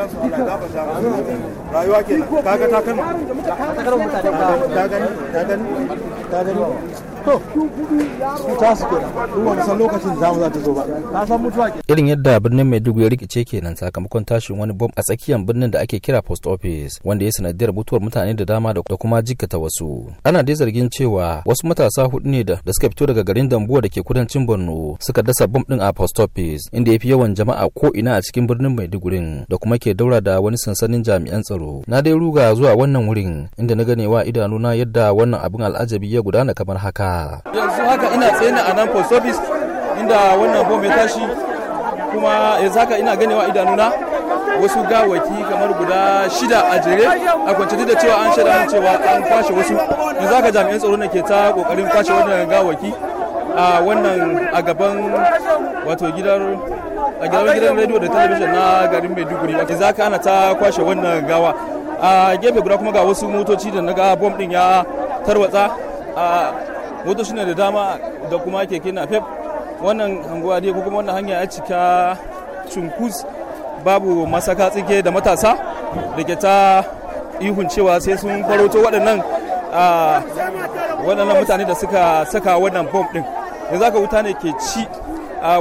kansu Allah ya musu rayuwa kenan kaga ta kano ta gani ta gani ta gani irin yadda birnin Maiduguri ya rikice kenan sakamakon tashin wani bom a tsakiyar birnin da ake kira post office wanda ya sanadiyar mutuwar mutane da dama da kuma jikkata wasu ana dai zargin cewa wasu matasa hudu ne da suka fito daga garin Dambuwa da ke kudancin Borno suka dasa bom din a post office inda ya fi yawan jama'a ko ina a cikin birnin Maiduguri da kuma ke daura da wani sansanin jami'an tsaro na dai ruga zuwa wannan wurin inda na ganewa idanuna yadda wannan abin al'ajabi ya gudana kamar haka Yanzu haka ina tsaye a nan post office inda wannan bom ya tashi kuma yanzu haka ina ganewa idanuna wasu gawaki kamar guda shida a jere a kwance da cewa an shaida cewa an kwashe wasu yanzu haka jami'an tsaro na ke ta kokarin kwashe wannan gawaki a wannan a gaban wato gidan a gidan gidan rediyo da television na garin maiduguri a yanzu haka ana ta kwashe wannan gawa a gefe guda kuma ga wasu motoci da na ga bom din ya tarwatsa moto da dama da kuma keke na fef wannan hanguwa dai ko kuma wannan hanya ya cika cunkus babu masaka tsike da matasa da ke ta ihun cewa sai sun faroto waɗannan waɗannan mutane da suka saka wannan bom ɗin yanzu aka wuta ne ke ci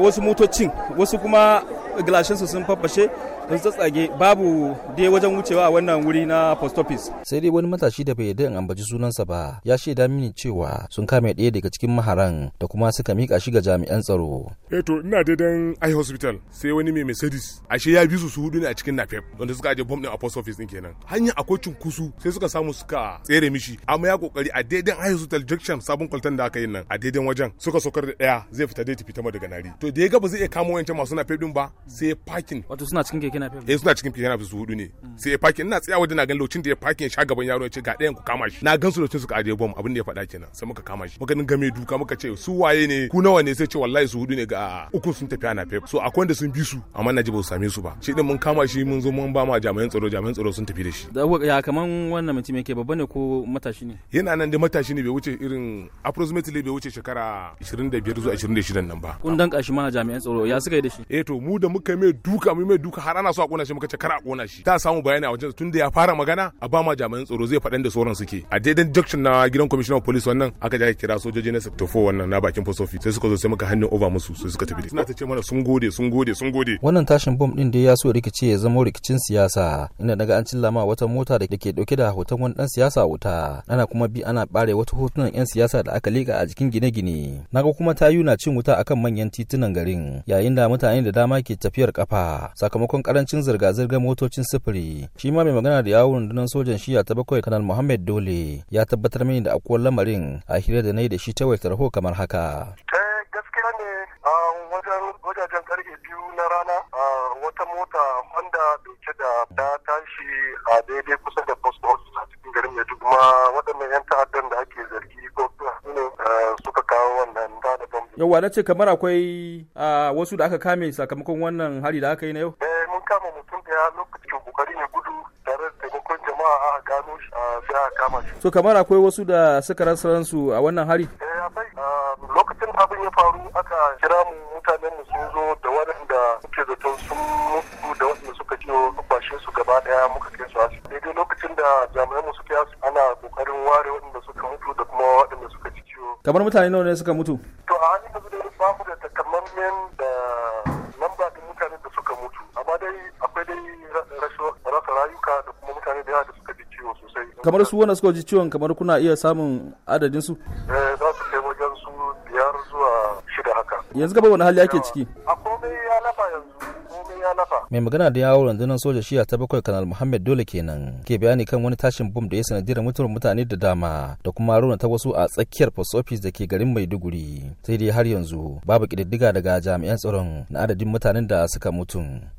wasu motocin wasu kuma gilashinsu sun faffashe in tsatsage babu dai wajen wucewa a wannan wuri na post office sai dai wani matashi da bai yarda in ambaci sunansa ba ya shaida mini cewa sun kame ɗaya daga cikin maharan da kuma suka mika shi ga jami'an tsaro eh to ina da dan ai hospital sai wani mai mercedes ashe ya bi su su hudu ne a cikin nafep wanda suka aje bomb din a post office din kenan hanya akwai cunkusu sai suka samu suka tsere mishi amma ya kokari a daidai ai hospital junction sabon kwaltan da aka yi nan a daidai wajen suka sokar da daya zai fita dai tafi ta daga nari to da ya ga ba zai iya kamo wancan masu din ba sai parking wato suna cikin keke kidnapping eh suna cikin kidnapping su hudu ne sai ya fakin ina tsaya da na gan lokacin da ya fakin ya sha gaban yaro ya ce ga ɗayan ku kama shi na gan su lokacin ka aje bom abin da ya faɗa kenan sai muka kama shi muka dinga game duka muka ce su waye ne ku nawa ne sai ce wallahi su hudu ne ga uku sun tafi ana pep so akwai wanda sun bi su amma na ji ba su same su ba shi din mun kama shi mun zo mun ba ma jami'an tsaro jami'an tsaro sun tafi da shi ya kaman wannan mutum yake babba ne ko matashi ne yana nan da matashi ne bai wuce irin approximately bai wuce shekara 25 zuwa 26 nan ba kun danka shi mana jami'an tsaro ya suka yi da shi eh to mu da muka yi mai duka mu yi mai duka har ana ana so a kona shi muka ce kar a kona shi ta samu bayani a wajen tunda ya fara magana a ba ma jami'an tsaro zai faɗan da sauran suke a daidan junction na gidan commissioner police wannan aka ja kira sojoji na sector 4 wannan na bakin post office sai suka zo sai muka hannun over musu sai suka tafi suna ta ce mana sun gode sun gode sun gode wannan tashin bom din da ya so rikici ya zama rikicin siyasa inda daga an cillama wata mota da ke dauke da hoton wani dan siyasa wuta ana kuma bi ana bare wata hotunan yan siyasa da aka lika a jikin gine-gine naga kuma ta na cin wuta akan manyan titunan garin yayin da mutane da dama ke tafiyar kafa sakamakon karancin zirga-zirgar motocin sufuri shi ma mai magana da yawon rundunar sojan shiya ta bakwai kanal muhammad dole ya tabbatar mini da akwai lamarin a hira da na yi da shi ta wayar tarho kamar haka. Eh, gaskiya ne wajajen karfe biyu na rana wata mota honda dauke da ta tashi a daidai kusa da post office a cikin garin ya kuma waɗannan 'yan ta'addan da ake zargi ko ne eh, suka kawo wannan ba da yauwa na ce kamar akwai ah, wasu da aka kame sakamakon wannan hari da aka yi na yau eh, ya lokacin kokari ne gudu tare da taimakon jama'a a gano shi a sai a kama shi. So kamar akwai wasu da suka rasa ransu a wannan hari? Eh akwai ah, lokacin abin ya faru aka kira mu mutanen mu sun zo da waɗanda suke zaton sun mutu da waɗanda suka ciwo kwashe su gaba daya muka kai su asibiti. Daidai lokacin da jami'an mu suka yasu ana kokarin ware waɗanda suka mutu da kuma waɗanda suka ci ciwo. Kamar mutane nawa ne suka mutu? To a halin da ba mu da takamammen da rasa rayuka da kuma mutane da yawa da suka ji ciwo sosai kamar su wanda suka ji ciwon kamar kuna iya samun adadin su yanzu gaba wani hali ake ciki mai magana da yawon rundunar soja shiya ta bakwai kanal muhammad dole kenan ke bayani kan wani tashin bom da ya sanadiyar mutuwar mutane da dama da kuma rana ta wasu a tsakiyar post office da ke garin maiduguri sai dai har yanzu babu kididdiga daga jami'an tsaron na adadin mutanen da suka mutu